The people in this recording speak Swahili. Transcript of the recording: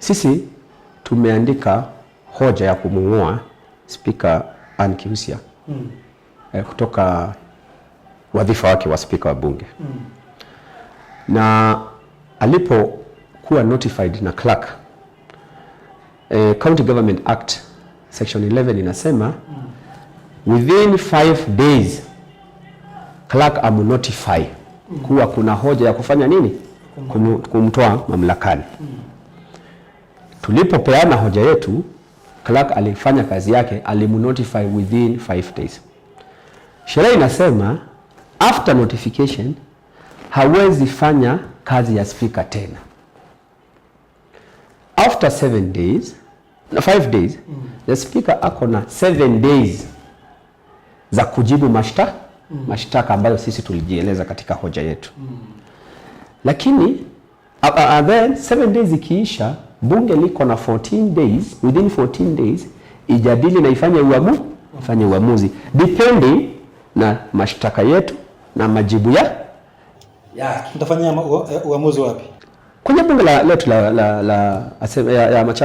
Sisi tumeandika hoja ya kumng'oa Spika Ann Kiusya mm. eh, kutoka wadhifa wake wa spika wa bunge mm. na alipokuwa notified na clerk eh, County Government Act section 11 inasema mm. within 5 days clerk am notify mm. kuwa kuna hoja ya kufanya nini, kumtoa mamlakani mm. Tulipopeana hoja yetu, clerk alifanya kazi yake, alimnotify within 5 days. Sheria inasema after notification hawezi fanya kazi ya speaker tena after 7 days na 5 days mm The speaker ako na 7 days za kujibu mashtaka mm mashtaka ambayo sisi tulijieleza katika hoja yetu mm Lakini uh, uh, then 7 days ikiisha bunge liko na 14 days, within 14 days ijadili na ifanye uamu, ifanye uamuzi depending na mashtaka yetu na majibu ya ya tutafanyia e, uamuzi wapi kwenye bunge la letu la, la, la, la, la, ya, ya